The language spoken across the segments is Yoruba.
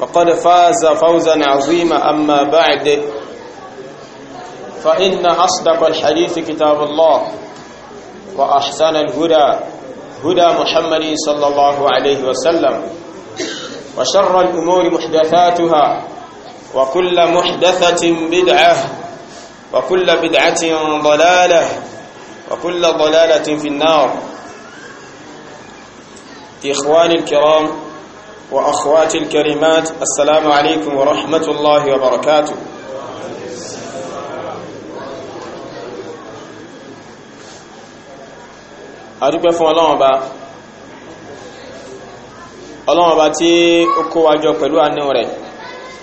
فقد فاز فوزا عظيما أما بعد فإن أصدق الحديث كتاب الله وأحسن الهدى هدى محمد صلى الله عليه وسلم وشر الأمور محدثاتها وكل محدثة بدعة وكل بدعة ضلالة وكل ضلالة في النار إخواني الكرام وأخواتي الكريمات السلام عليكم ورحمة الله وبركاته adúpẹ́ fún ọlọ́run ọba ọlọ́run ọba tí ó kó wa jọ pẹ̀lú àánú rẹ̀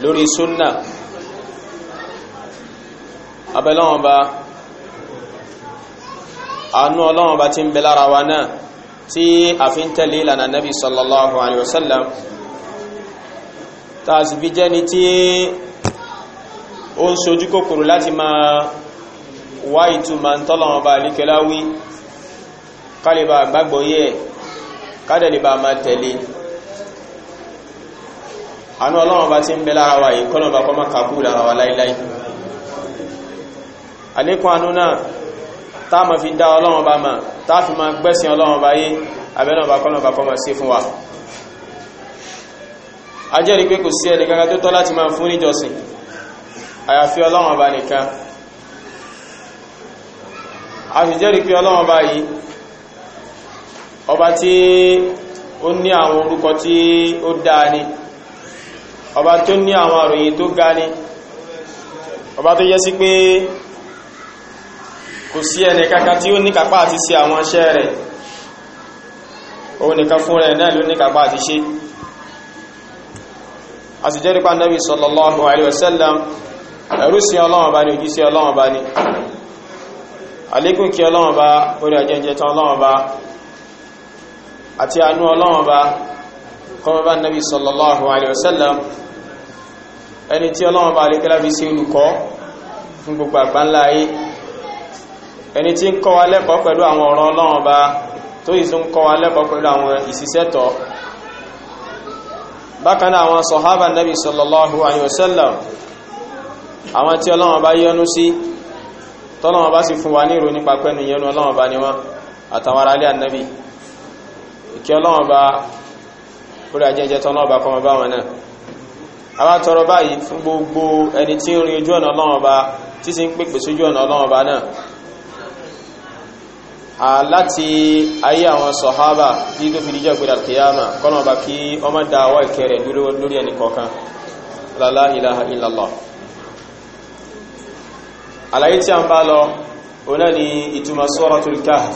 lórí súnnà abẹ́lọ́run ọba àánú ọlọ́run ọba tí ń bẹ lára wa náà tí a fi ń nabi sallallahu alaihi wasallam tààsì fi jẹ́ni tí ó ń sojú kòkòrò láti máa wá ìtumọ̀ tọ́lọ̀wọ̀n bá líkẹláwí kálẹ̀bà gbàgbọ́ yẹ kádẹ̀lẹ̀bà máa tẹ̀lé àánú ọlọ́wọ̀n bá ti ń bẹ lára wa yìí kọ́lọ̀bà kọ́ má kàkú lára wa láíláí àlékún àánú náà táàmà fi dá ọlọ́wọ̀n bá máa táàfi máa gbẹ́sìn ọlọ́wọ̀n bá yé abẹ́lọ́wọ̀n bá kọ́lọ̀bà a jẹ́rìí pé kò sí ẹni kankan tó tọ́ láti máa fún níjọsìn àyàfi ọlọ́run ọba nìkan a sì jẹ́rìí pé ọlọ́run ọba yìí ọba tí ó ní àwọn orúkọ tí ó dáa ni ọba tó ní àwọn àròyìn tó ga ni ọba tó yẹ sí pé kò sí ẹni kankan tí ó ní kápá àti ṣe àwọn iṣẹ́ rẹ̀ òun nìkan fún rẹ̀ náà ló ní kápá àti ṣe a sì jẹ́rìí pa nabi sallallahu alaihi wasallam ẹ̀rú sí ọlọ́wọ̀n bá ní ojú sí ọlọ́wọ̀n bá ní àlékún kí ọlọ́wọ̀n bá orí àjẹ́jẹ́ tán ọlọ́wọ̀n bá àti àánú ọlọ́wọ̀n bá kọmọ bá nabi sallallahu alaihi bákan náà àwọn sọ̀hábà nàbì sallallahu alayhi wa sallam àwọn tí ọlọ́wọ́n bá yọ́nú sí tọ́lọ́wọ́n bá sì fún wa ní ìrò nípa pẹ́nu yẹnu ọlọ́wọ́n bá ní wọn àtàwọn aráalé ànábì ìkẹ́ ọlọ́wọ́n bá orí láti ayé àwọn sọ̀hábà tí tó fi díjọ́ gbẹ̀dà kìyàmà kọ́nà ọba kí ọmọ dáwà ìkẹrẹ lórí ẹni kọ̀ọ̀kan la ilaha illallah àlàyé tí a ń bá lọ ọ̀nà ni ìtumọ̀ suratul kahf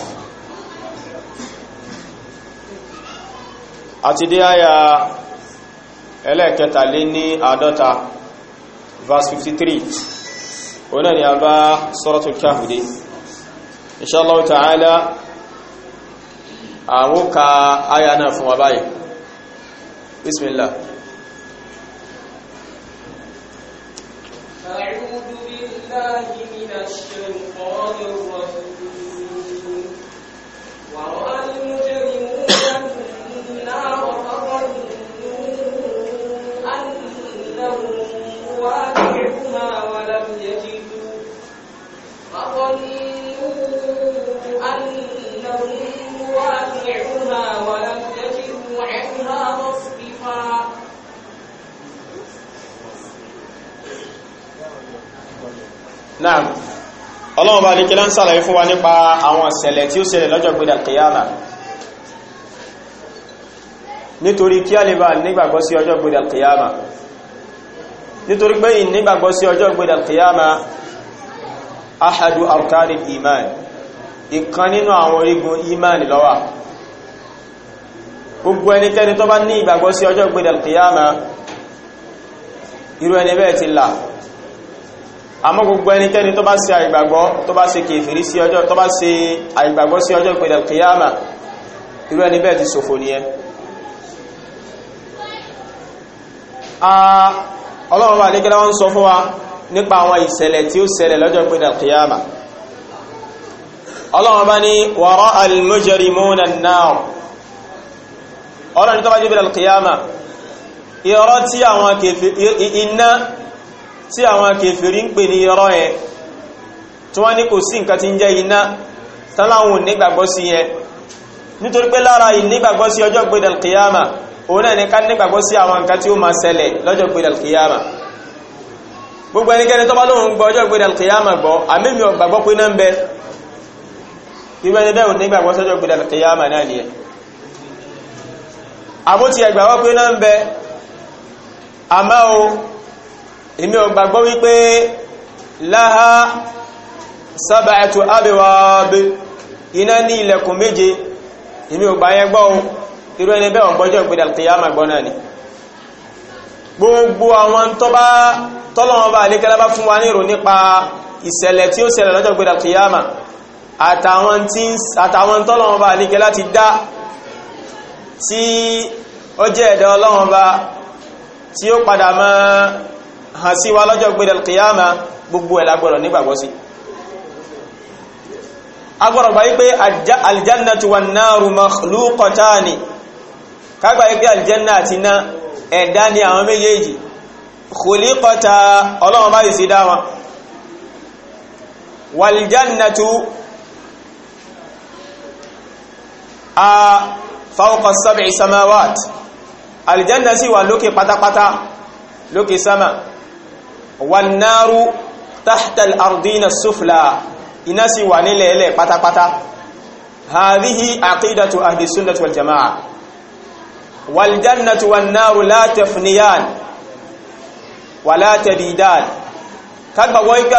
àti verse 53 ọ̀nà ni a bá suratul kahf ان شاء الله تعالى اوكا náà fún باي بسم الله أعوذ بالله من الشيطان الرجيم ورأى المجرمون أنهم ولم يجدوا الذي يوافعها ولم تجد عنها مصرفا Naam. Ọlọ́run bá lékí lọ́n sàlàyé fún wa nípa àwọn ìṣẹ̀lẹ̀ tí ó ṣẹlẹ̀ lọ́jọ́ gbédà kìyàmà. Nítorí kí a lè bá nígbàgbọ́ sí ọjọ́ gbédà kìyàmà. Nítorí pé ìnígbàgbọ́ sí ọjọ́ gbédà kìyàmà, ahadu arkani iman ìkan nínú àwọn orígun imani ló wà gbogbo ẹnikẹ́ni tó bá ní ìgbàgbọ́ sí ọjọ́ ìgbèdè kìyàmà irú ẹni bẹ́ẹ̀ ti là àmọ́ gbogbo ẹnikẹ́ni tó bá ṣe àìgbàgbọ́ tó bá se kèfèrí sí ọjọ́ tó bá ṣe àìgbàgbọ́ sí ọjọ́ ìgbèdè kìyàmà irú ẹni bẹ́ẹ̀ ti ṣòfò nìyẹn ọlọ́run bá nígbẹ́lá wọ́n sọ fún wa nípa àwọn ìṣẹ̀lẹ̀ tí ó ṣẹlẹ̀ lọ́jọ́ ìgbèdè kìyàmà ọlọ́run bá ní wàrọ́ alìmọ́jẹ̀rìmọ́nà náà ọlọ́run tó bá jẹ́bẹ̀rẹ̀ alkiyama irọ́ tí àwọn iná tí àwọn kèfèrí ń pè ní irọ́ ẹ̀ tí wọ́n ní kò sí nǹkan tí ń jẹ́ iná tánláwọn nígbàgbọ́ sí yẹn nítorí pé lára ìnígbàgbọ́ sí ọjọ́ gbé alkiyama òun náà gbogbo ẹnikẹ́ni tó bá lóhun gbọ́ ọjọ́ gbé alkiyama gbọ́ àmì mi ò gbàgbọ́ irú ẹni bẹ́ẹ̀ nígbàgbọ́ sọ́jọ́ gbẹ̀dẹ̀ alkiyama náà nìyẹn àmọ́ ti ẹgbà wọ́n pé náà ń bẹ àmọ́ o èmi ò gbàgbọ́ wípé láha sab'atu abwab iná ní ilẹ̀kùn méje èmi ò gbà yẹn gbọ́ o irú ẹni bẹ́ẹ̀ ọ̀gbọ́jọ́ gbẹ̀dẹ̀ alkiyama gbọ́ náà ni gbogbo àwọn tọ́bá tọ́lọ́wọ́n bá àlékẹ́lá bá fún wa nírò nípa ìṣẹ̀lẹ̀ tí ó ṣẹlẹ̀ lọ́jọ́ gbẹ̀dẹ̀ alkiyama àtàwọn tọ́lọ́wọ́n bá ní kẹ láti dá tí ó jẹ́ ẹ̀dẹ̀ ọlọ́wọ́n bá tí ó padà mọ́ hàn sí wa lọ́jọ́ gbé al-qiyama gbogbo ẹ̀ la nígbàgbọ́ sí agbọ́dọ̀ gbà wípé aljannatu wan naru makhluqatani kágbà wípé aljanna àti iná ẹ̀dá ni àwọn méjèèjì khuliqata ọlọ́wọ́n bá yìí sí dáwọn waljannatu a fawqa sab'i samawat aljanna sì wà lókè pátápátá lókè sama wan naru tahta al-ardina sufla iná sì wà nílẹ̀ ilẹ̀ pátápátá hadhihi aqidatu ahli sunnati wal jama'a wal jannatu wan naru la tafniyan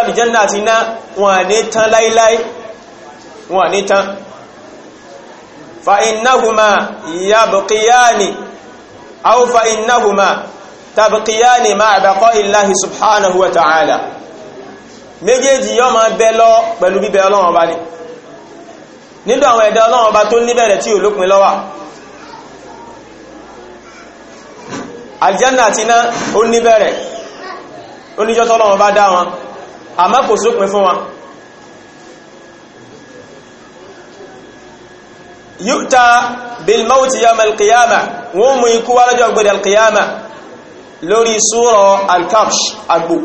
aljanna ti na wọ́n ní tán láíláí wọ́n ní tán فإنهما يبقيان أو فإنهما تبقيان مع بقاء الله سبحانه وتعالى méjèèjì yọ máa bẹ lọ pẹ̀lú bíbẹ ọlọ́run ọba ni nínú àwọn ẹ̀dá ọlọ́run ọba tó níbẹ̀rẹ̀ tí ò lópin ló wà aljanna àti iná ó níbẹ̀rẹ̀ ó níjọ́ tọ́lọ́run ọba dá wọn àmọ́ kò sópin fún wọn yúta bilmauti yam alkiyama wọ́n mú ikú wá lọ́jọ́ gbẹ̀rẹ̀ alkiyama lórí súrọ̀ alkafsh agbó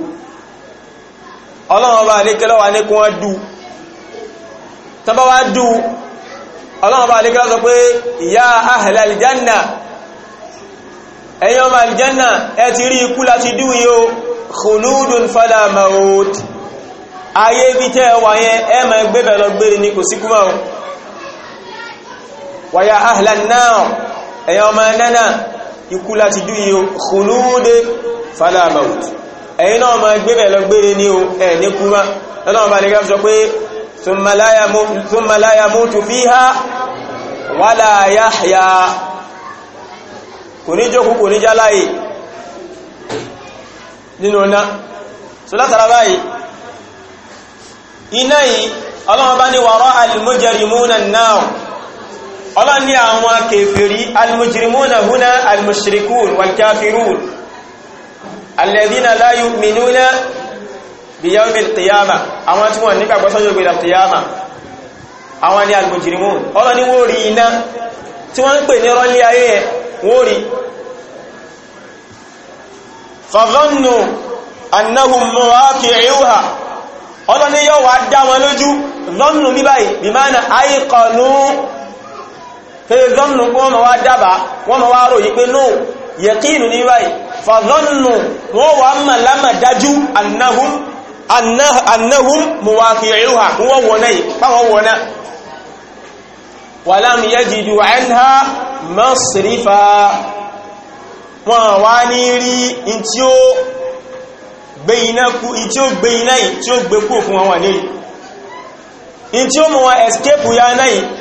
ọlọ́wọ́n bá alékẹ́lọ́ wà ní kún wọ́n dú tọba wá dú ọlọ́wọ́n bá alékẹ́lọ́ sọ pé ya ahl aljanna ẹ̀yin ọmọ aljanna ẹ ti rí ikú láti dú yíó khuludun fala maut ayé bí tẹ́ wà ẹ ma gbẹ́bẹ̀ lọ gbére ní kò síkú máa wàyá ahlan náà ẹ̀yàn ọmọ nánà ikú láti jú iyo khulúdé fala maut ẹ̀yìn náà ma gbẹ̀rẹ̀ lọ gbére ní o ẹ̀ ní kúmá lọ́nà ọba nìkan sọ pé thumma la yamutu fiha wala yahya kò ní jókú kò ní jáláyé nínú iná yìí ọlọ́wọ́ bá ní wàrọ́ al náà ọlọ́run ní àwọn kèfèrí almujirimuna huna almushirikun walkafirun alladhina la yu'minuna biyawmil qiyama àwọn tí wọ́n nígbàgbọ́ sọ́jọ́ gbẹ̀rẹ̀ qiyama àwọn ni almujirimun ọlọ́run ní wọ́n rí iná tí wọ́n ń pè ní rọ́lí ayé ẹ̀ wọ́n rí fọ́gọ́nù pẹ̀lú zọ́nù kó wọ́n wá dábàá wọ́n ma wá rò yí pé no yẹ̀kínù ní báyìí fàzọ́nù wọ́n wà mọ̀ lámà dájú annahum annahum muwaqi'uha wọ́n wọ́n náà pàwọn wọ́n náà wà láàmì yajidu escape ya náà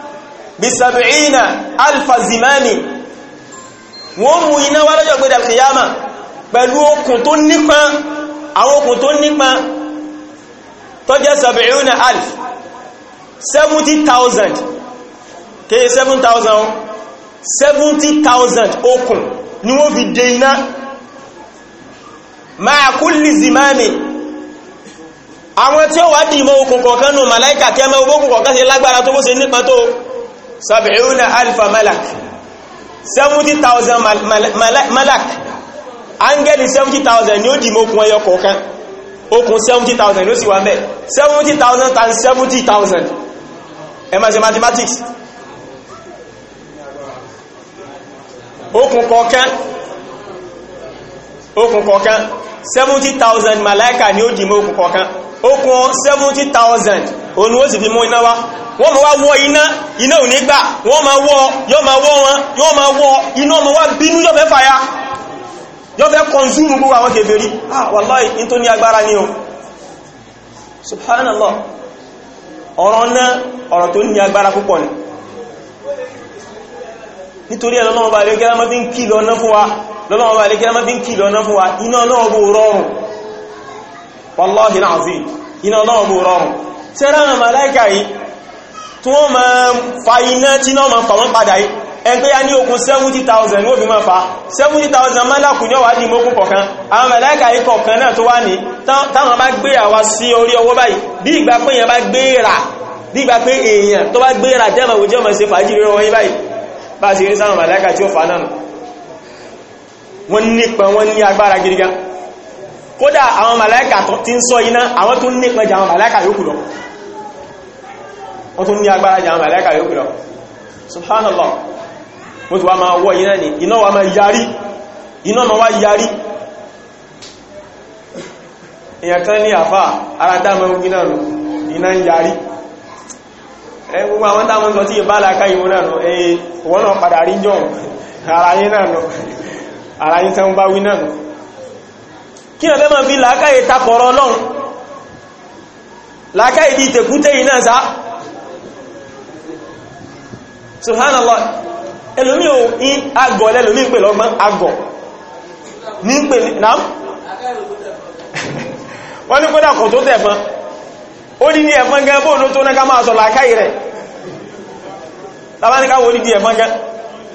bí sàbìínà alfazimani wọ́n mú iná wá lọ́jọ́ gbé dàkìyàmà pẹ̀lú okùn tó nípọn àwọn okùn tó nípọn tó jẹ́ sàbìínà alf 70,000 kéye 7,000 70,000 okùn ni wọ́n fi dè iná máa kulli zimami àwọn tí ó wá dìmọ́ okùn kọ̀ọ̀kan nù màláìkà kẹ́mẹ́ ogbókùn kọ̀ọ̀kan ṣe lágbára tó bó ṣe nípa tó sab'una alfa malak 70,000 malak angeli 70,000 ni ó dì mọ́ okùn ẹyọ kọ̀ọ̀kan okùn 70,000 ló sì wà mẹ́ 70,000 times 70,000 ẹ máa ṣe mathematics okùn kọ̀ọ̀kan okùn kọ̀ọ̀kan 70,000 malaika ni ó dì mọ́ okùn kọ̀ọ̀kan okùn 70,000 òun ó sì fi mú iná wá wọ́n ma wá wọ́ iná iná ò ní gbà wọ́n ma wọ́ yọ́ ma wọ́ wọn yọ́ ma wọ́ iná ma wá bínú yọ́ fẹ́ fàyà yọ́ fẹ́ kọnsúmù gbogbo àwọn tó ní agbára o subhanallah ọ̀rọ̀ náà ọ̀rọ̀ tó ní agbára púpọ̀ ni nítorí ẹ̀ ọba àríkẹ́lá mọ́ fi ń kí lọ́nà fún wa fi ń kí lọ́nà fún wa iná rọrùn náà iná sẹ́ráwọn màláìkà yìí tí wọ́n ma fa iná tí náà ma fà wọ́n padà yìí ẹn pé ní okun 70,000 wó bí ma fa 70,000 mọ́láàkù ní ọwà ní mọ́kún kọ̀kan àwọn màláìkà yìí kọ̀kan náà tó wà ní táwọn bá gbé àwa sí orí ọwọ́ báyìí bí ìgbà pé èèyàn bá gbé rà bí ìgbà pé èèyàn tó bá gbé rà jẹ́mọ̀ wò jẹ́mọ̀ ṣe kódà àwọn màláíkà tí ń sọ iná àwọn tó nípa jà àwọn màláíkà yókù lọ wọ́n tó ní agbára jà àwọn màláíkà yókù lọ subhanallah mo ti wá máa wọ́ iná ni iná wa máa yarí iná ma wá yarí èyàn kan ní àfá ara dámọ́ ogun náà nù iná ń yarí ẹgbogbo ara yín náà nù ara yín kí ọ̀fẹ́ mọ̀ fi làákàyè takọ̀rọ̀ ọlọ́run làákàyè di tẹ̀kútẹ́ yìí náà sá subhanallah ẹlòmí o in agọ̀ lẹ́lòmí pè lọ́gbọ́n agọ̀ ní pè náà wọ́n ní kódà kò tó tẹ̀fán ó ní ní ẹ̀fán gẹ́ bóòdó tó náà ká máa sọ làákàyè rẹ̀ tàbáníká wo ní di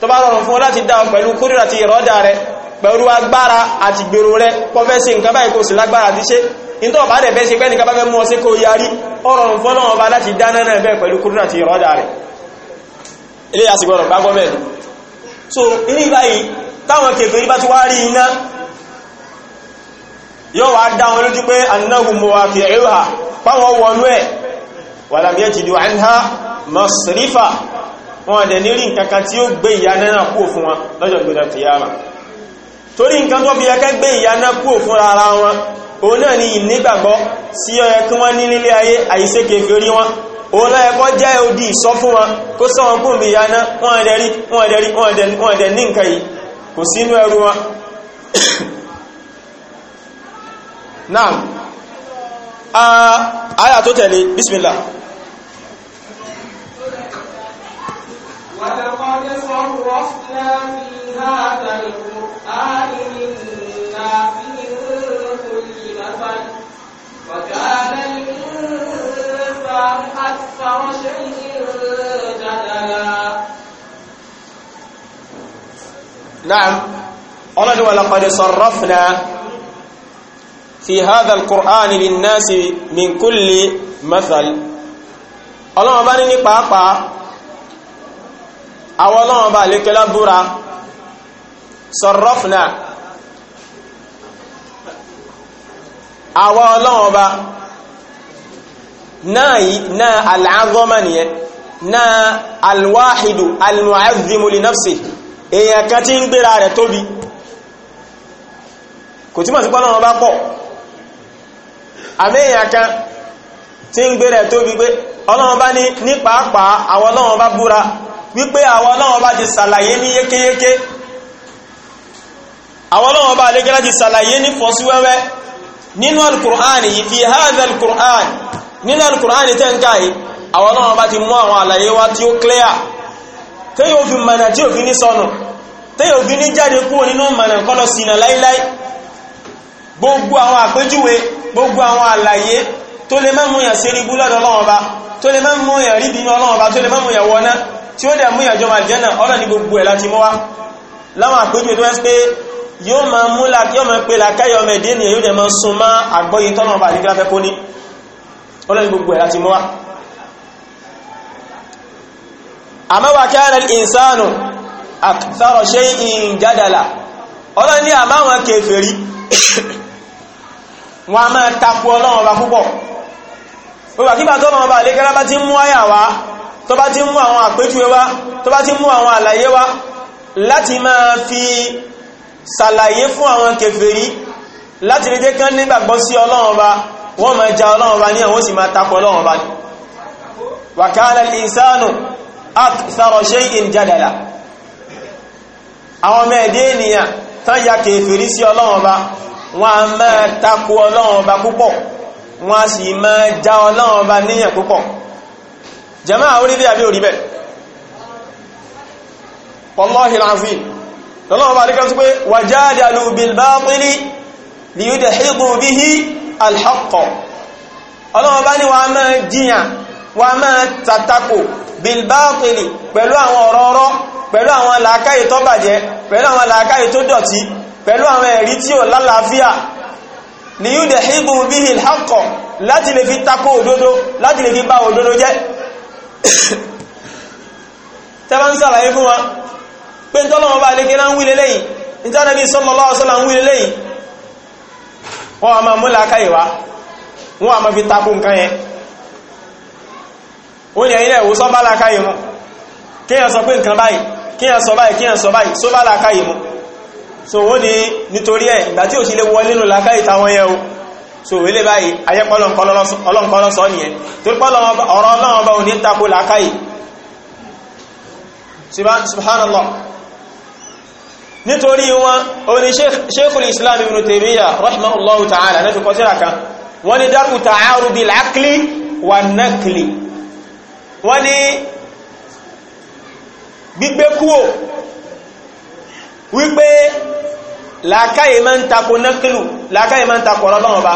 tó bá rọrùn fún ọ láti dáhùn pẹ̀lú kúrìrà ti ìrọ́dà rẹ pẹ̀lú agbára àti gbèrò rẹ pọ́fẹ́sì nǹkan báyìí kò sí lágbára àti ṣe ìntọ́ bá dẹ̀ bẹ́ ṣe pẹ́ni kábá fẹ́ mú ọsí kó yarí ọrọ̀rùn fọ́nà ọba so ní báyìí táwọn kèfèrí bá ti wá rí iná yóò wá dá wọn lójú pé annahu muwaqi'uha fáwọn anha masrifa wọn nkaka ní rí nǹkankan tí ó gbé na náà kúrò fún wọn lọ́jọ́ gbẹ̀rẹ̀ kìyàmà torí nǹkan tó fi ẹkẹ́ gbé fún ara wọn o náà ni ìnígbàgbọ́ sí ọyẹ kí wọ́n ní nílé ayé àìsẹ́ kèfèrí wọn òun náà ẹkọ́ jẹ́ odi ìsọ fún wọn kó sọ wọn ولقد صرفنا في هذا القرآن للناس من كل مثل وكان الإنسان أكثر شيء جدلا نعم قال ولقد صرفنا في هذا القرآن للناس من كل مثل ọlọ́wọ́ bá ní ní àwọn ọlọ́run bá lékẹ́lá búra sọ̀rọ̀fnà àwọn ọlọ́run bá náà yìí náà al'azọ́mà náà alwáhidu nafsi èyàn kan tí ń gbéra rẹ̀ tóbi kò tí mọ̀ sí ti ọba pọ̀ àmẹ́yàn kan tí ń gbéra rẹ̀ tóbi wípé àwọn ọlọ́wọ́n bá ti sàlàyé ní yékéyéké àwọn ọlọ́wọ́n bá lè gẹ́lá ti sàlàyé ní fọ́síwẹ́wẹ́ nínú al yìí fi hadha al-Qur'an nínú al-Qur'an tẹ́ ń káyí àwọn ọlọ́wọ́n bá ti mú àwọn àlàyé wá tí ó clear tí yóò fi mọ̀nà tí ò fi ní sọnù tí yóò fi ní jáde tó lè mẹ́mú sí rí tó lè mẹ́mú tí ó dẹ̀ mú ìyàjọ́ aljanna ọ̀nà ní gbogbo ẹ̀ láti mọ́wá láwọn àpéjú tó wẹ́n pé yóò ma mú yóò ma pè làkáyọ̀ ọmọ ẹ̀dẹ́ nìyẹn yóò dẹ̀ ma sun má àgbọ́yé tọ́nà ọba àdíkà fẹ́ kó ní ọ̀nà ní gbogbo ẹ̀ láti mọ́wá àmọ́ wa kana al a máa takú ọlọ́run ọba púpọ̀ gbogbo àkíbà tọ́nà ọba àlékẹ́lá bá ti mú àyà wá tó bá ti mú àwọn àpéjúwe wá tó bá ti mú àwọn àlàyé wá láti máa fi ṣàlàyé fún àwọn kèfèrí láti lè jẹ́ kán nígbàgbọ́ sí ọlọ́run ọba wọ́n máa ja ọlọ́run ọba ní àwọn sì máa takọ̀ ọlọ́run wọ́n a máa takọ̀ ọlọ́run púpọ̀ wọ́n a sì máa ja ọlọ́run níyàn púpọ̀ jama'a orí bí àbí orí bẹ́ wallahi alazim lọ́lọ́wọ́ bá ríkan tó pé wajadalu bil batili liyudhidu bihi al haqq ọlọ́wọ́ bá ní wà máa jiyàn wà máa tàtàkò bil batili pẹ̀lú àwọn ọ̀rọ̀ọ̀rọ̀ pẹ̀lú àwọn làákàyè tó bàjẹ́ pẹ̀lú àwọn làákàyè tó dọ̀tí bihi al haqq láti fi takò òdodo láti lè fi bá òdodo jẹ́ tẹ́bá ń sàlàyé fún wa pé tọ́lọ́wọ́ bá lè kéré ń wílé lẹ́yìn ìtànàbí sallallahu alaihi wasallam ń wílé lẹ́yìn wọ́n a máa mú làákàyè wá wọ́n a máa fi takò nǹkan yẹn ó yẹn ilẹ̀ ìwò sọ́bá làákàyè so wọ́n ni nítorí ẹ̀ na so wele báyìí ayẹ́pọ̀ ọlọ́nkọ́lọ́ sọ nìyẹn torí pọ́lọ́ ọ̀rọ̀ ọlọ́run bá òní tako làákàyè subhanallah nítorí wọn oní sheikhul islam ibn taymiyyah rahimahullahu ta'ala náà fi kọ́ síra kan wọ́n ni dákù ta'arudi al-aqli wa nakli wọ́n ni gbígbé kúò wípé làákàyè máa ń takò nákìlù làákàyè máa ń takò ọlọ́lọ́wọ́ bá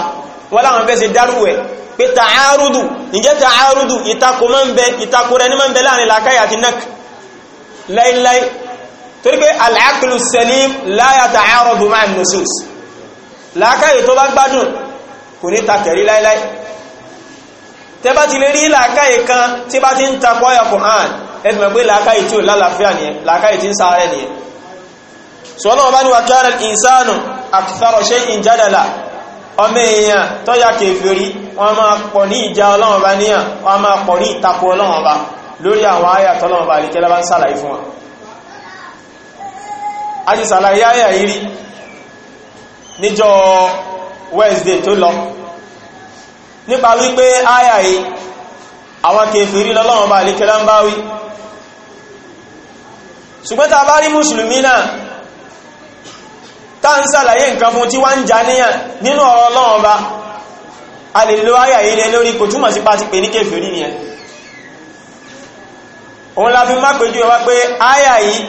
wọ́n láwọn fẹ́ ṣe dárú ẹ̀ pé tààrùdù ìjẹ́ tààrùdù ìtakò máa ń bẹ ìtakò rẹ̀ ní máa ń bẹ láàrin làákàyè àti náà láíláí torí pé al-aqlu salim la yata'aradu ma'a an-nusus làákàyè tó bá gbádùn kò ní takẹ̀rí láíláí tẹ́ bá ti lè rí làákàyè kan tí bá ti ń sọ́lọ́wọ́ bá ní wà kí ánà ìsánù àkìtàrọ̀ ṣe ìjádàlá ọmọ èèyàn tó yà kèfèrí wọ́n máa pọ̀ ní ìjà ọlọ́wọ́ bá níyàn wọ́n máa pọ̀ ní ìtakò ọlọ́wọ́ bá lórí àwọn àyà tọ́lọ́wọ́ bá ń sàlàyé fún wọn Wednesday tó lọ nípa wípé àyà yìí àwọn kèfèrí lọ́lọ́wọ́ bá àríkẹ́lá ń bá wí ṣùgbọ́n ta mùsùlùmí náà tá ń sàlàyé nǹkan fún tí wọ́n ń jà níyàn nínú ọ̀rọ̀ Ọlọ́run ọba a lè lo ayà yìí lé lórí kò túmọ̀ sí pa ti pè ní kèfèrí nìyẹn òun la fi má péjú wa pé ayà yìí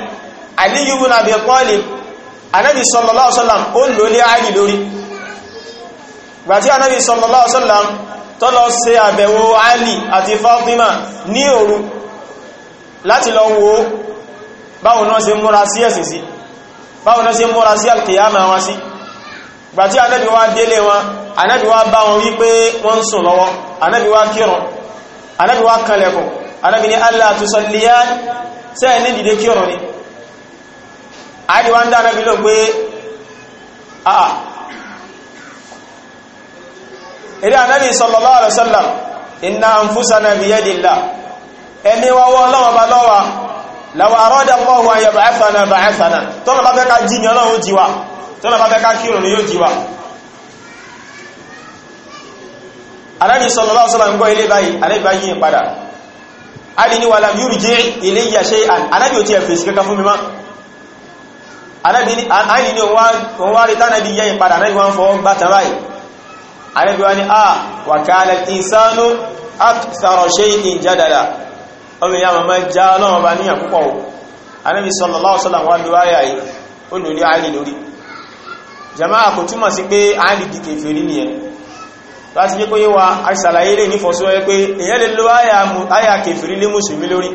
Aliyu ibn Abi sallallahu alaihi wasallam ó lò lé ayì lórí gbàtí sallallahu alaihi wasallam tó lọ ṣe Ali àti Fatima ní òru láti lọ wo báwọn náà ṣe múra sí ẹ̀sìn sí báwọn náà ṣe múra sí alkiyama wọn sí gbà tí anábi wá délé wọn anábi wá bá wọn wípé wọ́n ń sùn lọ́wọ́ anábi wá kírun anábi wá kalẹ̀kùn anábi ní allah tusalliya sẹ́ẹ̀ ní dìde kírun ni law arada Allahu an yab'athana ba'athana tọ́nà bá fẹ́ ká jí ní ọlọ́run jí wa tọ́nà bá fẹ́ ká kírùn ní yóò jí wa alábi sallallahu alaihi wasallam ń gbọ́ ilé báyìí alábi báyìí yìí padà ali ni walam yurji ilayya shay'an alábi ò ti ẹ̀fẹ̀ sí kankan fún mi má ali ni òun wá rí tánàbí yẹ́yìn padà alábi wọ́n fọ́ ọmọ ìyá mọ̀mọ́ já ọlọ́run ọba níyàn púpọ̀ o anábì sallallahu alaihi wasallam wà lórí àyà yìí ó lò àìlì lórí jama'a kò túmọ̀ sí pé àìlì di kèfèrí nìyẹn láti jẹ́ kóyé wa àìsàlàyé lè nífọ̀sọ́ ẹ pé èyẹ́ lè lo àyà kèfèrí lé mùsùlùmí lórí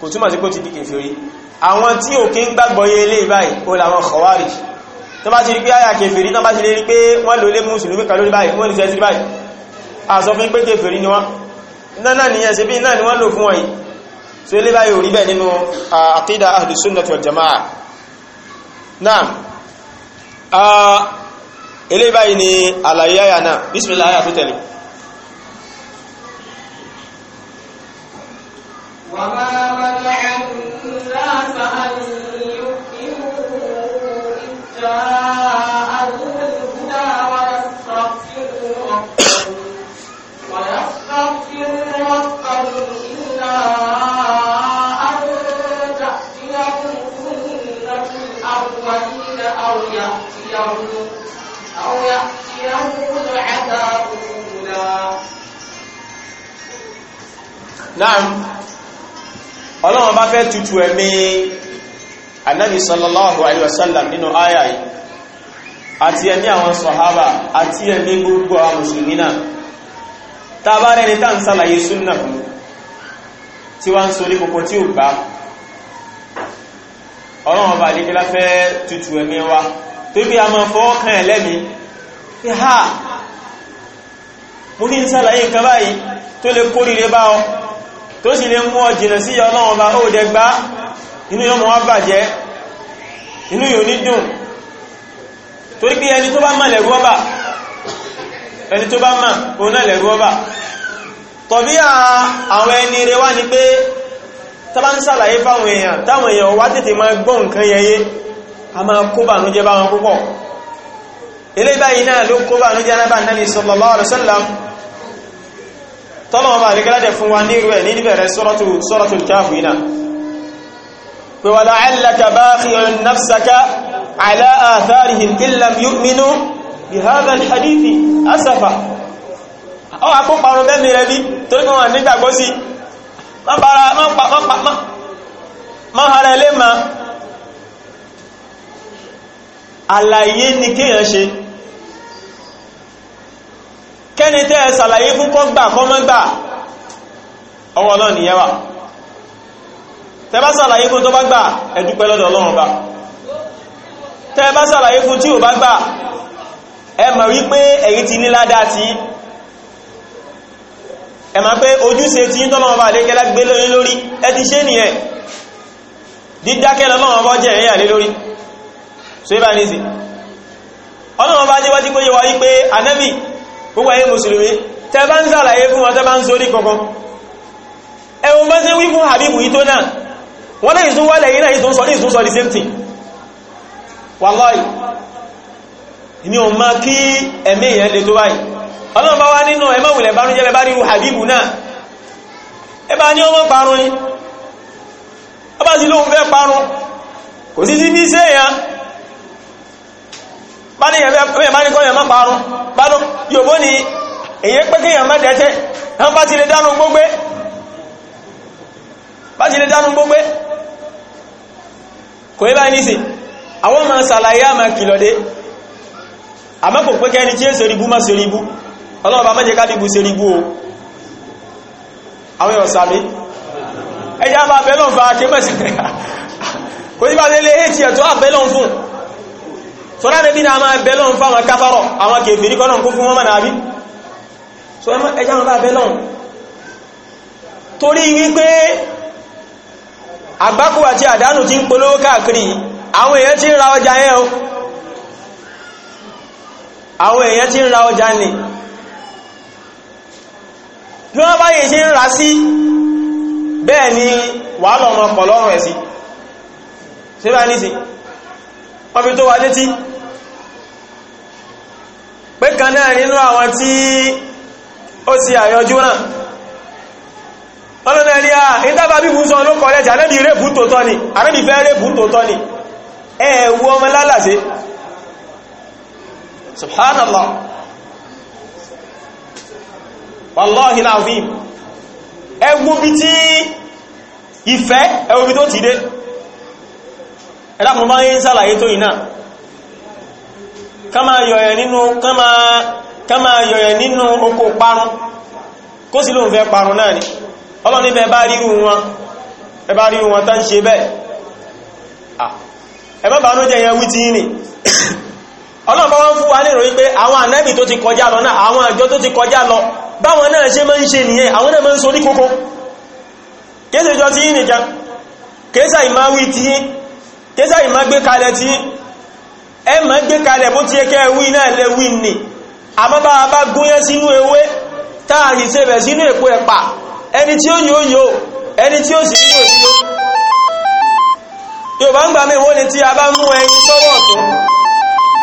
kò túmọ̀ sí pé ó ti di kèfèrí àwọn tí ò kí ń gbàgbọ́ yé ilé báyìí ó làwọn khawarij tó bá ti rí pé ni wọ́n iná náà nìyẹn ṣe bí iná ni wọ́n lò fún wọ́n yìí so ilé báyìí ò rí bẹ́ẹ̀ nínú àkídà ahlus sunnah jama'a náà ilé báyìí ni àlàyé àyà náà bismillah àyà tó tẹ̀lé وما ويستغفر ربه إلا أن تأتيهم سنة الأولين ọlọ́run bá fẹ́ tutù ẹ̀mí anábi sallallahu alayhi wa sallam nínú àyà yìí àti ẹ̀mí àwọn sọ̀hábà àti ẹ̀mí gbogbo àwọn mùsùlùmí náà tàbá rẹni tá ń sàlàyé súnnà fún tí wá ń so ní kòkò tí ó gbá ọlọ́run ọba àdíkẹ́lá fẹ́ tutù ẹ̀mí wa tó bí a mọ́ fọ́ọ̀kàn ẹ̀lẹ́mí fi ha mú ní sàlàyé nǹkan báyìí tó lè kórìíre bá ọ tó sì lè mú ọ jìnà sí ọlọ́run ọba ó dẹ gbá inú yọmọ wá bàjẹ́ inú yóò ní dùn torí pé ẹni tó bá mọ̀lẹ̀rú ọba ẹni tó bá mọ̀ òun náà lẹ̀rú ọba tọ̀bí àwọn ẹni rẹ wá ni pé tọ́bá ń sàlàyé fáwọn èèyàn táwọn èèyàn wá tètè máa gbọ́ nǹkan yẹyẹ a máa kó bànújẹ́ bá wọn púpọ̀ ilé báyìí náà ló kó bànújẹ́ alábà náà ní sallallahu alaihi wasallam tọ́lọ̀ ọba àríkẹ́lẹ́dẹ̀ fún wa nírú ẹ̀ níbẹ̀rẹ̀ suratul Kahfi náà pé wa la'allaka بهذا الحديث أسفا أو أكون بارون بين ربي تقول ما نيجا غوسي ما بارا ma با ma ما ما هذا ma ni ṣe kẹ́ni tẹ́ ẹ ṣàlàyé fún kọ́ gba? kọ́ mọ́ gbà ọwọ́ tó bá gba? gba ẹ mọ̀ wípé ẹ̀yin ti ní ládá tí ẹ mọ̀ pé ojúṣe tí ń tọ́lọ́wọ́ bá lékẹ́lá gbé lórí lórí ẹ ti ṣe nìyẹn dídákẹ́ lọ́lọ́wọ́ bọ́ jẹ́ ẹ̀yà lé lórí so ibà ní sí ọlọ́wọ́ bá jẹ́ wájú pé yẹ wá wípé anẹ́bì gbogbo ayé mùsùlùmí tẹ bá ń sàlàyé fún wọn tẹ bá ń sórí kankan ẹwọ́n bá ṣe wí fún Habibu yìí tó náà wọ́n lè ìsúnwọ́lẹ̀ yìí náà ìsúnsọ́ the same thing wallahi ní o máa kí le èèyàn lè tó báyìí ọlọ́run bá wá nínú ẹmọ́ barun bá rújẹ́ Habibu náà ebe bá ní ọmọ parun ni o bá sí lóhun fẹ́ parun si sí sí ní sí èèyàn bá ní ẹ̀fẹ́ bá ní parun ni èyí pé kí èèyàn má dẹ́sẹ̀ wọ́n bá ti lè dánú gbógbé bá danu gbogbe àmọ́ kò pé kẹ́ni tí ó ṣeríbú má ṣeríbú ọlọ́ọ̀bá mẹ́jẹ kábíbù ṣeríbú o àwọn èèyàn sàmí ẹjá bá bẹ́lọ́n fa kémẹ́sì kò ní bá lélẹ̀ èyí ẹ̀tọ́ àbẹ́lọ́n fún tọ́lá nẹ́bí náà máa bẹ́lọ́n fáwọn káfàrọ̀ àwọn kèfèrí kọ́nà kún fún wọn náà rí so ẹjá bá bẹ́lọ́n torí wípé àgbákò àti àdánù ti ń polówó káàkiri àwọn èèyàn ti ń ra ọjà yẹn o àwọn èèyàn tí ń ra ọjà ní bí wọ́n bá yìí ṣe ń ra sí bẹ́ẹ̀ ni wàhálà ọmọ pọ̀ lọ́rùn ẹ̀ sí ṣe bá ní sí wọ́n fi tó wà létí pé kan náà nínú àwọn tí ó sì àyọjú náà ọlọ́nà ẹni àà ìdábà subhanallah wallahi alazim ẹgbó bí tí ìfẹ́ ẹgbó bí tó ti dé ẹlápùn bá ń sàlàyé tó yìí náà kama máa yọ̀yẹ̀ nínú ká máa ká máa yọ̀yẹ̀ nínú oko parun kó sí lóun fẹ́ parun náà ni ọlọ́ni bẹ bá wọn ẹ bá wọn tán ṣe bẹ́ẹ̀ ẹ̀mọ́bàánú jẹ́ yẹn wí ní ọlọ́pàá wọ́n fún wa ní ìròyìn pé àwọn ànábì tó ti kọjá lọ náà àwọn àjọ tó ti kọjá lọ báwọn náà ṣe máa ń ṣe nìyẹn àwọn náà máa ń sorí kókó kéèsè ìjọ ti yí nìkan kéèsà ìmáwí ti yí kéèsà ìmágbé kalẹ̀ ti yí ẹ máa gbé kalẹ̀ bó ti yẹ kẹ́ wí náà lẹ wí nì àbábá bá gúnyẹ́ sínú ewé táàrí ṣe bẹ̀ sínú èpo ẹ̀pà ẹni tí ó yóò yóò ẹni tí ó sì yóò yóò yóò bá ń gbà mí wọ́n ni tí a bá mú ẹyin sọ́wọ́ ọ̀tún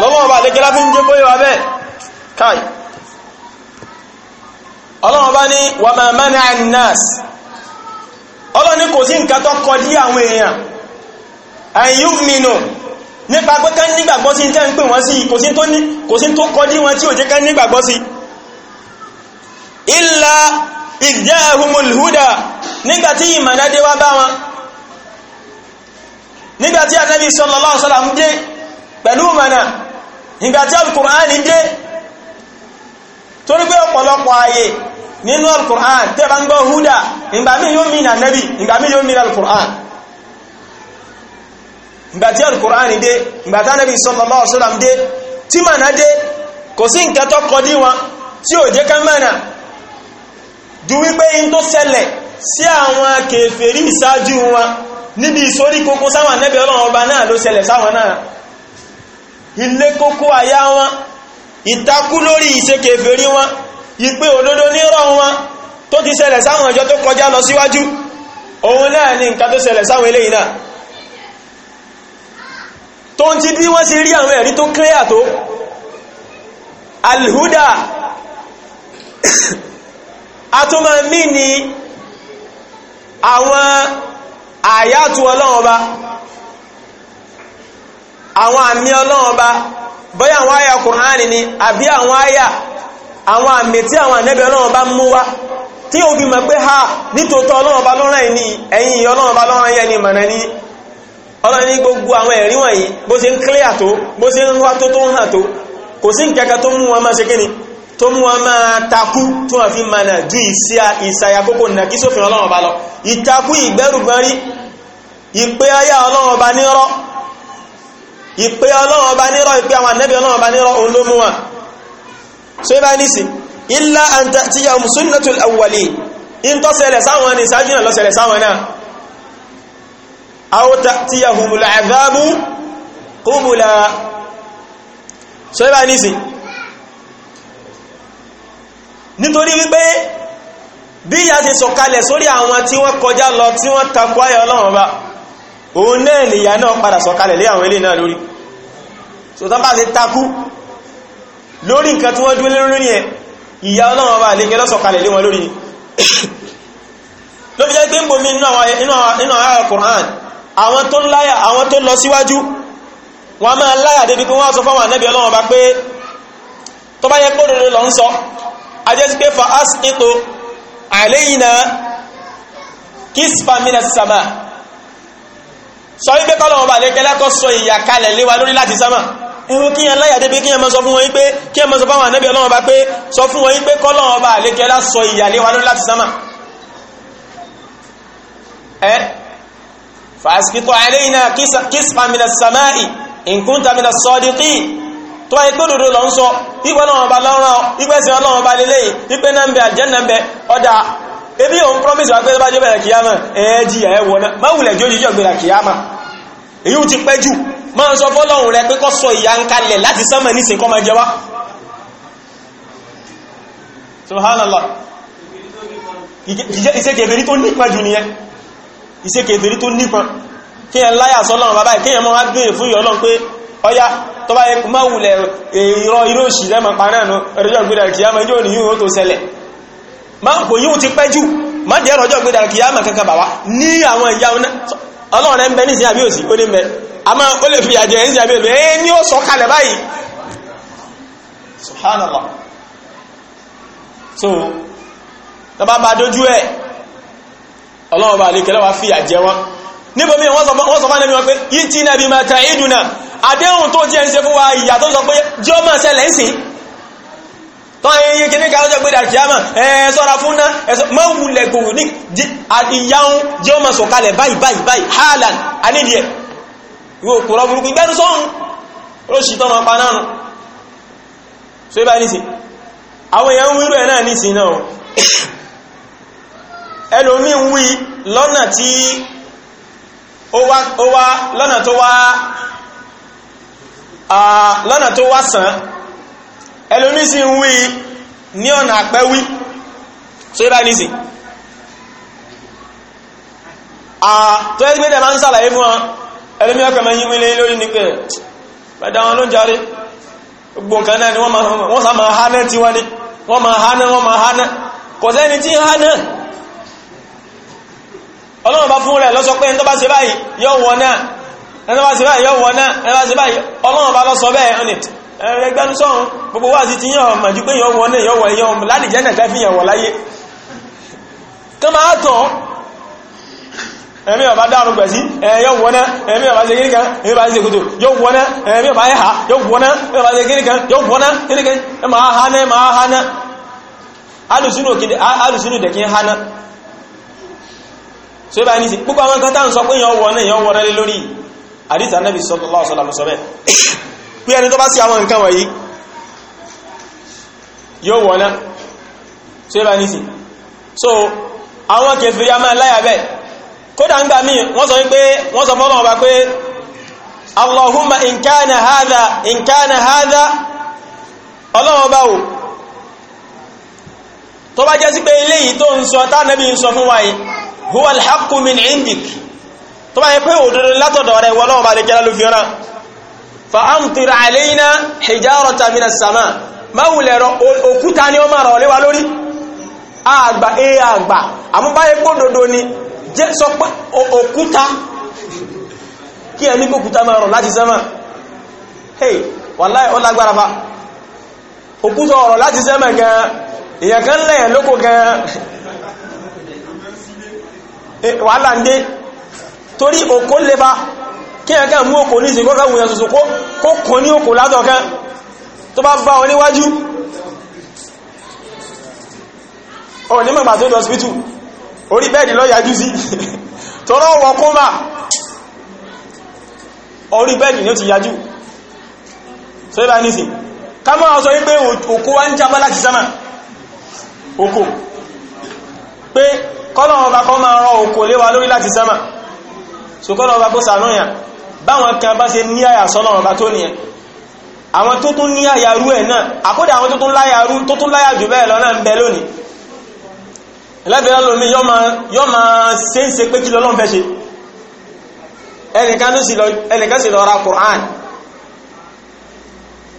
lọ́wọ́ bá lékẹ́ láti ń jẹ́ kó yíwa bẹ́ẹ̀ káì ọlọ́wọ́ bá ní wà máa mẹ́rin annas ọlọ́ni kò sí nǹkan tó kọjí àwọn èèyàn àyíyú mìnú nípa pé kán nígbàgbọ́ sí tẹ́ ń pè wọ́n sí kò sí tó kọjí wọn tí ò jẹ́ kán nígbàgbọ́ sí illa ìjẹ́hùmul huda nígbàtí ìmọ̀dáde ìgbàtí alkùránì dé torí pé ọ̀pọ̀lọpọ̀ ayé nínú alkùránì tẹ́ bá ń gbọ́ húdà ìgbàmí yóò mìí nànẹ́bì ìgbàmí yóò mìí alkùránì ìgbàtí alkùránì dé al anẹ́bì sallallahu alaihi wasallam dé tí mànà dé kò sí nǹkan tó kọ dí wọn tí ò jẹ́ ká mẹ́nà ju wípé in tó ṣẹlẹ̀ sí àwọn kèfèrí ìsáájú wọn níbi ilé kókó àyá wọn ìtakú lórí ìṣekèfèrí wọn ìpé òdodo nírọ̀ wọn tó ti ṣẹlẹ̀ sáwọn ọjọ́ tó kọjá lọ síwájú òun náà ni nǹkan tó ṣẹlẹ̀ sáwọn eléyìí náà tó ń ti bí wọ́n sì rí àwọn ẹ̀rí tó kílẹ̀ àtó alhuda atúmọ̀ mí ni àwọn àyàtú ọlọ́run àwọn àmì ọlọ́run ọba bóyá àwọn àyà kùránì ni àbí àwọn àyà àwọn àmì tí àwọn ànẹ́bí ọlọ́run ọba mú wá tí ó bí mọ̀ pé ha nítòótọ́ ọlọ́run ọba lọ́rọ̀ ẹni ẹ̀yìn lọ́rọ̀ yẹn ni mọ̀rẹ̀ gbogbo tó mú wọn máa lọ ìtakú ìgbẹ́rùgbọ́n rí ìpé ayá ìpé ọlọ́run ọba nírọ́ ìpé àwọn ànábì ọlọ́run ọba nírọ́ òun ló mú wọn ṣé bá ní sí illa an ta'tiyahum sunnatul awwalin in tó ṣẹlẹ̀ sáwọn ní ìsájú náà lọ ṣẹlẹ̀ sáwọn náà aw ta'tiyahumul adhabu qubula ṣé bá ní sí nítorí wípé bí ìyà ṣe sọ̀kalẹ̀ sórí àwọn tí wọ́n kọjá lọ tí wọ́n takọ ayọ̀ ọlọ́run òun náà nìyà náà padà sọ̀kalẹ̀ lé àwọn ilé náà lórí so tán bá ṣe takú lórí nǹkan tí wọ́n dúró lórí ẹ̀ ìyà ọlọ́wọ́ bá lè gẹ́lọ́ sọ̀kalẹ̀ lé wọn lórí ni ló fi jẹ́ pé ń bomi nínú àyà Kùránì àwọn tó ń láyà àwọn tó lọ síwájú wọ́n máa láyà débi pé wọ́n sọ sọ wípé kọ́lọ̀wọ́ bà lẹ́kẹ́ lákọ́ sọ ìyà kalẹ̀ léwa lórí láti sámà ẹ̀rọ kí yẹn láyà débi kí yẹn mọ́ sọ fún wọn wípé kí yẹn mọ́ sọ fáwọn ànábì ọlọ́wọ́ bá pé sọ fún wọn wípé kọ́lọ̀wọ́ bà lẹ́kẹ́ lá sọ ìyà léwa lórí láti sámà ẹ fàásìkítọ àìlẹ́yìn kìsàmìnà sàmáì ìkúntàmìnà sọ́dìkì tó ayé tó dòdò lọ ń sọ ìgbẹ́ ọlọ́wọ́ bá lọ́rọ̀ ìgbẹ́sìn ọlọ́wọ́ bá lélẹ́yìn ìgbẹ́ náà ń bẹ àjẹ́ náà ń bẹ ọ̀dà ebi òun promise wa pé tó bá jẹ́ bẹ̀rẹ̀ kìyàmà ẹ̀ẹ́jì ẹ̀ẹ́wọ̀ náà má wùlẹ̀ jó jíjọ́ gbẹ̀rẹ̀ kìyàmà èyí ti pẹ́ jù máa ń sọ fọ́lọ́hun rẹ pé kọ́ sọ ìyà ń kalẹ̀ láti sánmà nísìn kọ́ máa jẹ wá subhanallah ìṣẹ́kẹ̀ẹ́bẹ̀rí tó nípa jù nìyẹn ìṣẹ́kẹ̀ẹ́bẹ̀rí tó nípa kí ẹ láyà sọ́lọ́run bàbá ìkíyàn mọ́ wá bèèrè fún ìyọ́lọ́n pé ọya tó bá yẹ kú máa wùlẹ̀ èrò ìróòṣì lẹ́mọ̀ panáà ẹ̀rẹ́jọ́ ìgbìdà ìkìyàmọ́ ìjọ́ òníyàn ó tó ṣẹlẹ̀ máa ń pò yíò ti pẹ́ jù má jẹ́ rọjọ́ gbé dàrú kìyàmà kankan bàwá ní àwọn ìyá ọlọ́run ẹ̀ ń bẹ ní ìsìn àbíòsì ó ní mẹ àmọ́ ó lè fi àjẹ́ ìsìn àbíòsì ẹ̀ ní ó sọ kalẹ̀ báyìí subhanallah so tọba bá dójú ẹ̀ ọlọ́run bá lè fi àjẹ́ wọn níbòmí wọ́n sọ fún ẹni wọn pé yìí tí nàbí máa ta ìdùnà àdéhùn tó jẹ́ ń ṣe tọ́yìn yìí kìíní káyọ́ jẹ́gbẹ́dà kíyàmà ẹ̀ sọ́ra fún náà ẹ̀sọ́ mọ́ wulẹ̀ gbòòrò ní ìyáhun jẹ́ ọmọ sọ̀kalẹ̀ báyìí báyìí báyìí haalan anídìẹ̀ ìwé òkúrọ̀ burúkú ìgbẹ́nu sọ́hun olóṣì tọ́mọ pa náà so ibà nísì àwọn èèyàn ń wírú ẹ̀ náà nísì náà ẹlòmí ń wí lọ́nà tí lọ́nà tó wá sàn ẹlòmísì ń wí ní ọ̀nà àpẹ́ wí tó yíba nísì tó yẹ́ gbẹ́dẹ̀ máa ń sàlàyé fún wọn ẹlòmí ọkọ̀ mẹ́ yí lórí ní pé wọn ló gbogbo nǹkan náà ni wọ́n sá máa hánà tí wọ́n ní wọ́n máa hánà wọ́n máa hánà kò sẹ́ni tí hánà ọlọ́run bá fún rẹ̀ lọ́sọ pé ẹni tó bá ṣe báyìí yóò wọ náà báyìí wọ náà báyìí ọlọ́run bá bẹ́ẹ̀ ẹ̀rẹ́ gbánusọ́run gbogbo wà sí ti yàn ọmọ jù pé yàn wọ́n náà yàn wọ̀ èyàn ọmọ láti jẹ́ nàìjíríà fi yàn wọ̀ láyé kán máa tọ̀ ẹ̀mí ọba dáàrùn gbẹ̀sí ẹ̀yàn wọ́n náà ẹ̀mí ọba ṣe kíníkan ẹ̀mí ọba ṣe kòtò yóò wọ́n náà ẹ̀mí ọba ẹ̀hà yóò wọ́n náà ẹ̀mí ọba ṣe kíníkan yóò wọ́n náà kíníkan ẹ̀ máa ha náà máa ha náà alùsùnù dẹ̀kí ha náà so ibà ní sí púpọ̀ àwọn kan táà ń sọ pé yàn wọ́n náà yàn wọ́n náà lórí àdìtà Nábì sallallahu alaihi wasallam pé ẹni tó bá sí àwọn nǹkan wọ̀nyí yóò wọ̀ná tí ó bá ní sí so àwọn kèfèrí a máa láyà bẹ́ẹ̀ kódà ń gbà mí wọ́n sọ wípé wọ́n sọ fọ́nà ọba pé allahumma inkana kana inkana in kana hadha ọlọ́wọ́ bá wò tó bá jẹ́ sí pé ilé yìí tó ń sọ tánàbí ń sọ fún wáyé huwa alhaqqu min indik tó bá yẹ pé òdodo látọ̀dọ̀ rẹ̀ wọ́lọ́wọ́ bá lè kẹ́lá lófin náà fa'amtir alaina hijarata mina sama mawulẹ̀rọ òkúta ni ó máa rọ̀ léwa lórí àgbà ee àgbà àmúbáyé pódòdó ni jẹ́ sọ pé òkúta kí ẹni kòkúta máa rọ̀ láti sẹ́mà hey wàláhì ó lágbára fa òkúta ọ̀rọ̀ láti sẹ́mà gan èyàn kan lẹ́yìn lókò gan eh, wàhálà ń dé torí òkó lè fa kí ẹ̀kẹ́ mú òkò ní ìsìn kọ́kọ́ wùyàn sòsò kó kò ní òkò látọ̀kẹ́ tó bá bá wọn níwájú ọ̀ ní mọ̀gbà tó dọ̀sípítù orí bẹ́ẹ̀dì lọ yájú sí tọ́rọ wọ kó mà orí bẹ́ẹ̀dì ni ó ti yájú so ibà ní ìsìn ká máa sọ wípé òkú wá ń jábá láti sámà òkò pé kọ́lọ̀ ọba kọ́ máa rọ òkò léwa lórí láti sámà so kọ́lọ̀ ọba kó sànúyàn báwọn kan bá ṣe ní àyà sọ́lọ́run ọba tó ẹ àwọn tó tún ní àyàrú ẹ̀ náà àkódà àwọn tó tún láyàrú tó tún láyà jù bẹ́ẹ̀ ń bẹ lónìí lómi yọ́ ma se ń ṣe pé kí lọ́lọ́n fẹ́ ṣe ẹnìkan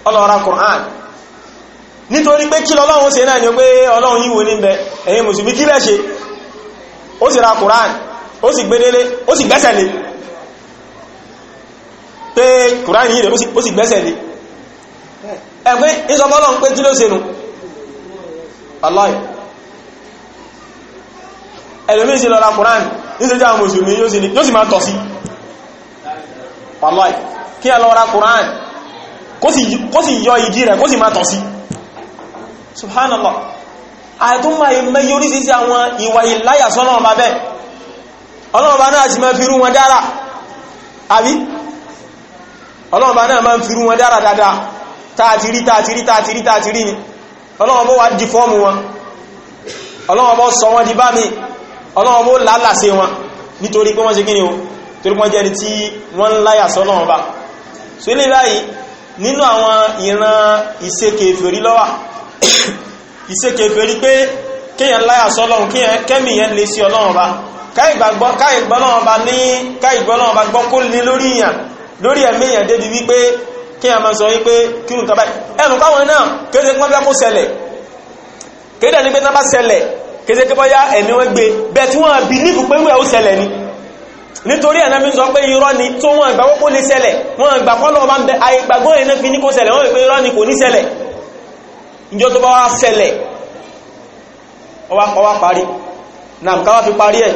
lọ ra nítorí pé kí lọ́lọ́run náà ni pé pé kùránì yìí rẹ̀ ó sì gbẹ́sẹ̀ lé ẹgbẹ́ ìsọpọ́lọ́ ń pé kí ló ṣe nù aláì ẹlòmíì sí lọ́la kùránì nítorí àwọn mùsùlùmí yóò sì máa tọ̀ sí aláì kí ẹ lọ́ra kùránì kó sì yọ ìdí rẹ̀ kó sì máa tọ̀ sí subhanallah àìtúnmà ìmẹ́ yorí sí àwọn ìwà ìláyà sọ́nà ọba bẹ́ẹ̀ ọlọ́ọ̀bá náà sì mẹ́ fi rú àbí ọlọ́run bá náà máa ń firú wọn dára dáadáa tààtìrí tààtìrí tààtìrí tààtìrí ni ọlọ́run bó wá di fọ́ọ̀mù wọn ọlọ́run bó sọ wọn di bá mi ọlọ́run bó lálàsẹ wọn nítorí pé wọ́n ṣe kíni o torí wọ́n jẹ́ni tí wọ́n ń láyà sọ́lọ́run bá so ilé báyìí nínú àwọn ìran ìṣekèfèrí lọ́wà ìṣekèfèrí pé kíyàn láyà sọ́lọ́run kẹ́mìyàn lórí ìyàn lórí ẹ̀mí èèyàn débi wípé kí a máa sọ wípé kí n kaba ẹnu káwọn náà kéde kí wọ́n bí kó ṣẹlẹ̀ kéde ní pé tí wọ́n bá ṣẹlẹ̀ kéde kí wọ́n yá ẹ̀mí wọn gbé bẹ́ẹ̀ tí wọ́n bí nífù pé wíwẹ̀ ó ṣẹlẹ̀ ni nítorí ẹ̀nà sọ pé irọ́ ni tó wọ́n gbà wọ́pọ̀ lè ṣẹlẹ̀ wọ́n gbà kọ́lọ̀ ọba ń ni kò ní ṣẹlẹ̀ ìjọ tó bá wá ṣẹlẹ̀ ọwá parí náà káwá fi parí ẹ̀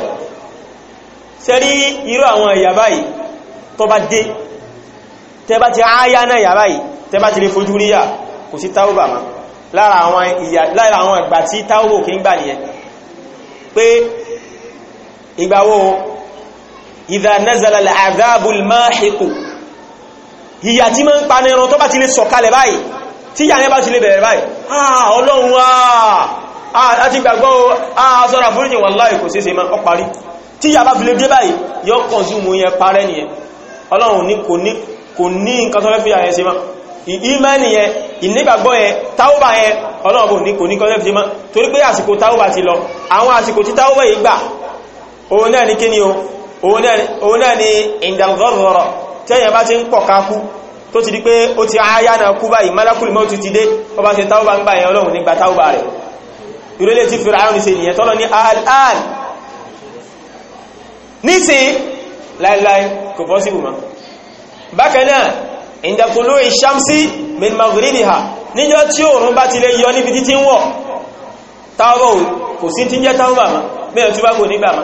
ṣẹ́rí irú àwọn dé tẹ́bá ti áyá náà yà báyìí tẹ́bá ti lè fojú ríyà kò sí táúbà ma lára àwọn ìgbà tí táúbà kí ń gbà nìyẹn pé ìgbàwó idha nazala al-'adhabu al-mahiqu ìyà tí ma ń pa nìran tó bá ti lè sọ̀kalẹ̀ báyìí tí ìyà yẹn bá ti lè bẹ̀rẹ̀ báyìí ah ọlọ́run ah láti gbàgbọ́ ah ọlọ́run ní kò ní kò ní nǹkan tó fẹ́ fi àyẹ̀ sí ma ìmánì yẹn ìnígbàgbọ́ yẹn táúbà yẹn ọlọ́ọ̀bù ní kò ní kọ́ fẹ́ fi ma torí pé àsìkò táúbà ti lọ àwọn àsìkò tí táúbà yìí gbà òun náà ni kíni o òun náà ni ìdàlgọ́rọ̀rọ̀ tí ẹ̀yàn bá ti ń pọ̀ kákú tó ti di pé ó ti áyá náà kú báyìí malakul mọ́tù al-an nísìn láìláì kò bọ́ bákanáà ìdàkùlú ìṣàmsí min maghribiha níjọ́ tí òòrùn bá ti lè yọ níbi títí ń wọ̀ táwọ̀ kò sí tí ń jẹ́ táwọ̀ bàmá mẹ́rin tí bá kò nígbà má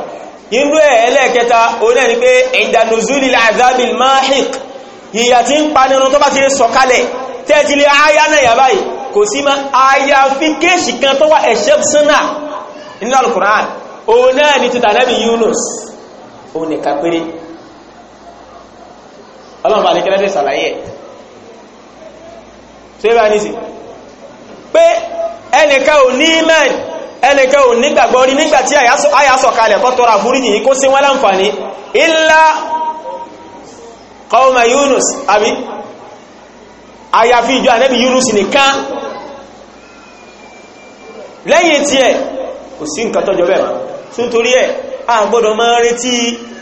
inú ẹ̀ ẹlẹ́ẹ̀kẹta oní ẹni pé ìdànùzúlì àzábìl máhìk ìyà tí ń pa nínú tó bá ti lè sọ̀kalẹ̀ tẹ́ẹ̀tì ọlọ́ọ̀bà ní kẹ́lẹ́dẹ̀ sàlàyé ẹ̀ bá ní sí pé ẹnìkan ò ní imẹ́n ẹnìkan ò nígbàgbọ́ rí nígbàtí àyásọ̀kalẹ̀ kọ́ tọrọ àforíjì yìí kó sí wọ́n Yunus àbí àyàfi ìjọ ànẹ́bì Yunus nìkan lẹ́yìn tí ẹ̀ kò sí nǹkan tọ́jọ bẹ́ẹ̀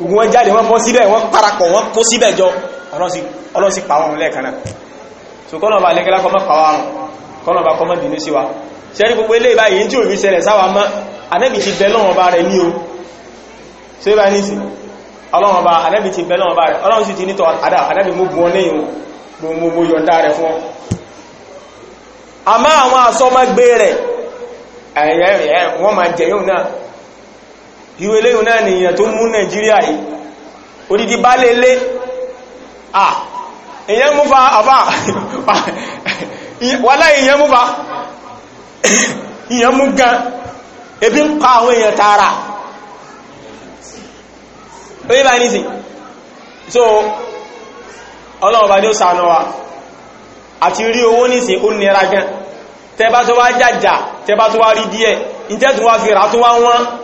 ogun wọn jáde wọ́n bọ́ síbẹ̀ wọ́n parapọ̀ wọ́n kó síbẹ̀ jọ Ọlọ́run sì pa wọn lẹ́ẹ̀kan náà so kọ́nà bá lẹ́gẹ́lá kọ́mọ́ pa wọn kọ́nà bá kọ́mọ́ bínú sí wa ṣẹ́rí gbogbo ilé ìbáyìí tí òní ṣẹlẹ̀ sáwà mọ́ anẹ́bì ti bẹ́ lọ́wọ́ bá rẹ̀ ní o so ibà ní sí Ọlọ́run bá anẹ́bì ti bẹ́ lọ́wọ́ bá rẹ̀ Ọlọ́run sì ti nítọ̀ àdá anẹ́bì mú bu ọ́nẹ́ yìí mo mo yọ̀ǹda rẹ̀ fún ọ àmọ́ àwọn asọ́mọ́gbé rẹ̀ wọ́n máa jẹ̀yún náà ìwé léhùn náà nìyàn tó mú Nàìjíríà yìí odidi bá lè lé à ìyẹn múfà àfà wàlá ìyẹn múfà ìyẹn mú gan ebi ń pa àwọn èèyàn tààrà ó yíba ní sí so ọlọ́run bá ní ó sànà wa àti rí owó ní sí ó nira gan tẹbá tó wá jàjà tẹbá tó wá rí díẹ̀ ìtẹ́tù wá fi tó wá wọ́n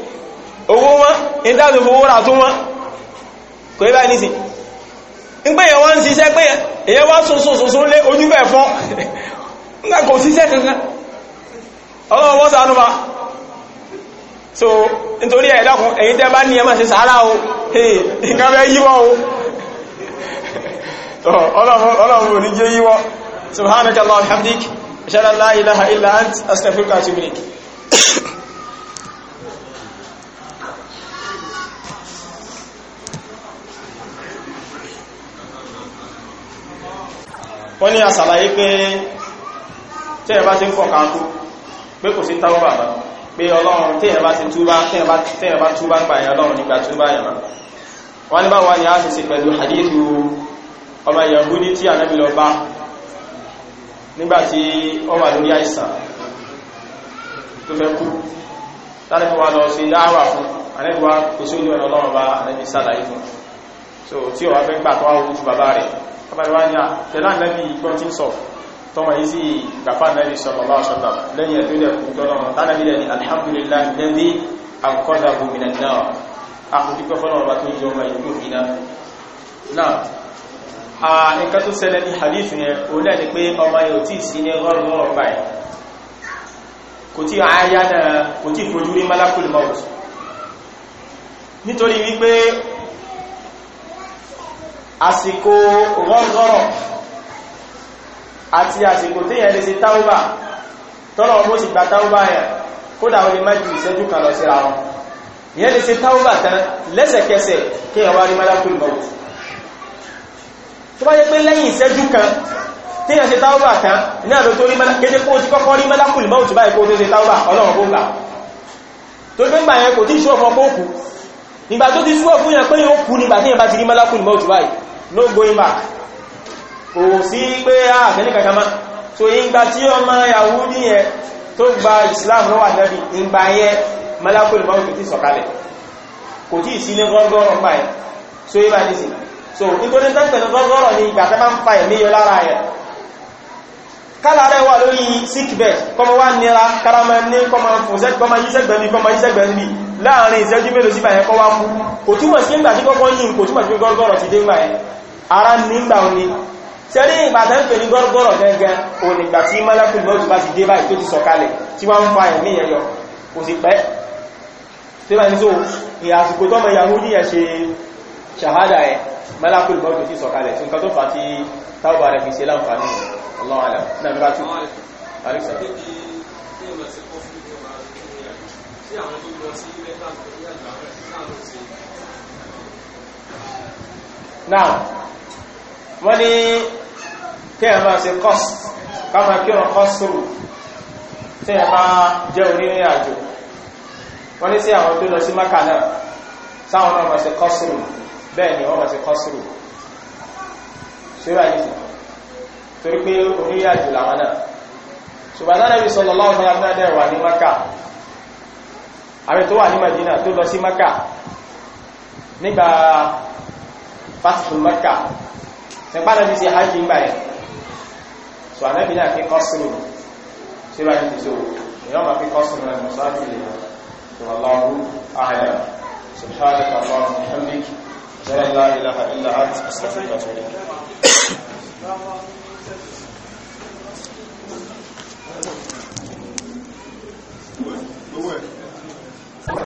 owó wọn in tàbí fowó rà tó wọn kò yí báyìí nísìn ń pè yẹn wọ́n ń ṣiṣẹ́ pé èyẹ wá sọ́sọ́sọ́sọ́ lé ojúbẹ̀ fún ńgbà kò ṣiṣẹ́ kankan ọlọ́wọ́ wọ́n sàánú ma so nítorí ẹ̀ dákun ẹ̀yin tẹ́ bá ní ẹ má ṣe sàárà o nǹkan bẹ́ yíwọ́ o ọlọ́wọ́ ní jẹ́ yíwọ́ subhanaka allahumma wa bihamdik ashhadu an la ilaha illa ant astaghfiruka wa atubu ilayk wọ́n ní àṣàlàyé pé tí ẹ bá ti ń fọ̀ káàkú pé kò sí táwọn bàbá pé ọlọ́run tí ẹ bá ti túbá tí ẹ bá túbá ń gbàyàn ọlọ́run nígbà túbá yẹn ma wọ́n ní bá wà ní àṣìṣe pẹ̀lú hadithu ọmọ Yahudi tí ànábì lọ bá nígbàtí ó wà lórí àìsàn tó fẹ́ kú tánàbí wa lọ sí dáwà fún ànábì wa kò sí ojú ọ̀nà ọlọ́run bá ànábì sálàyé fún so tí ó wá fẹ́ gbà tó wá ojú bàbá rẹ̀ abáyíwáyá tẹ̀lá nẹ́bí ìgbọ́n tí ń sọ tọ́mọ̀ yìí sí gbàfà nẹ́bí sallallahu alaihi wasallam lẹ́yìn ẹ̀tọ́ ilẹ̀ kú tọ́lọ́mọ tánàbí lẹ́ni alhamdulillah lẹ́bí akọ́dàbò minan nar akùdípẹ́ fọ́lọ́mọ bá tó yọ ọmọ ìlú ìná náà nǹkan tó ṣẹlẹ̀ ní hadith yẹn òun náà ni pé ọmọ yóò tí sí ní rọrùn rọrùn báyìí kò tí àáyá náà kò tí fojú rí malakul maut nítorí wípé àsìkò rọ́gọ́rọ̀ àti àsìkò tí yẹn lè ṣe táúbà tọ́lọ̀ ọmọ sì gba táúbà yẹn kódà ó lè má ju ìṣẹ́jú kan lọ síra wọn yẹn lè ṣe táúbà tán lẹ́sẹ̀kẹsẹ̀ kí yẹn wá rí malakul maut tó bá yẹ pé lẹ́yìn ìṣẹ́jú kan tí yẹn ṣe táúbà tán ní àdó tó rí kéde kó ti kọ́kọ́ rí malakul maut báyìí kó tó ṣe táúbà ọlọ́run kó gbà tó gbé gbà yẹn kò tí ìṣòfò kó kù nígbà tó ti súwọ́ fún yẹn pé yóò kú no going back kò sí pé ààbẹ̀ní ah, kankan má so ìgbà tí ọmọ Yahudi yẹn tó gba Islam lọ́wọ́ ànábì ìgbà yẹn malakul mawt kò tí sọ̀kalẹ̀ kò tí sí ní gọ́gọ́rọ̀ pa ẹ̀ so ìbá ní sí so nítorí tẹ́pẹ̀lú gọ́gọ́rọ̀ ni ìgbà tẹ́ bá ń fa ẹ̀mí yọ lára ẹ̀ kálàrẹ̀ wà lórí sickbed kọmọ wá nira karama ní kọmọ fòsẹ́ kọmọ yíṣẹ́gbẹ̀mí kọmọ yíṣẹ́gbẹ̀mí láàrin ìṣẹ́jú mélòó síbà yẹn kọ wá mú kò túmọ̀ sí ń gbà tí kọ́kọ́ yìí kò túmọ̀ sí gọ́gọ́rọ̀ ti dé ń gbà ara nígbà òní sẹ́rí ìgbàtẹ́ ń pè ní gọ́rọ̀gọ́rọ̀ gẹ́gẹ́ onígbà tí mọ́lẹ́kùn mọ́tù bá ti dé báyìí tó ti sọ̀kalẹ̀ tí wọ́n ń fa ẹ̀mí ẹ̀yọ kò sì pẹ́ tí wọ́n ń so ìyàsìkò tọ́mọ ìyàwó yíyẹ ṣe ṣàhádà ẹ̀ mọ́lẹ́kùn mọ́tù ti sọ̀kalẹ̀ tí nǹkan tó fà tí táwọn rẹ̀ fi Now, wọ́n ní kéèyàn máa ṣe kọ́s káma kí wọn kọ́ sùúrù tí ẹ̀ máa jẹ́ onírìn àjò wọ́n ní sí àwọn tó lọ sí Mákà náà sáwọn náà máa ṣe kọ́ sùúrù bẹ́ẹ̀ ni wọ́n máa ṣe kọ́ sùúrù ṣúra yìí torí pé onírìn àjò làwọn náà ṣùgbọ́n Ànábì sallallahu alaihi wasallam wà ní Mákà àwọn tó wà ní Madina tó lọ sí Mákà nígbà fásitì Mákà sẹ̀pá náà ti ṣe hajj ń báyẹ̀ so anábì náà fi kọ́sùrù ṣe bá ti ti so èèyàn máa fi kọ́sùrù náà mọ̀sá ti lè yàn so Allahu a'lam subhanaka Allahumma wa